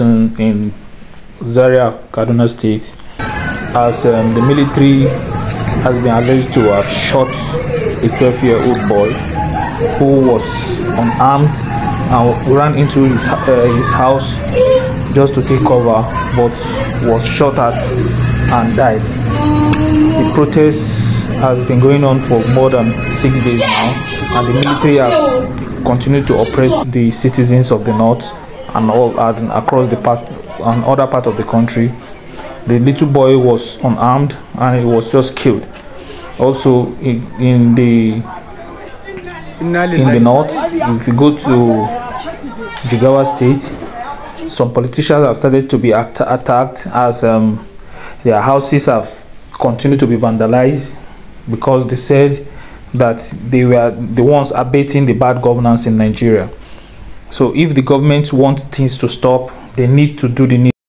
in Zaria, Kaduna State, as um, the military has been alleged to have shot a 12 year old boy who was unarmed and ran into his, uh, his house just to take cover but was shot at and died. The protest has been going on for more than six days now and the military have continued to oppress the citizens of the north and all and across the part and other part of the country the little boy was unarmed and he was just killed also in, the in the north if you go to jigawa state some politicians have started to be act- attacked as um, their houses have continued to be vandalized because they said that they were the ones abating the bad governance in nigeria so if the government wants things to stop, they need to do the need.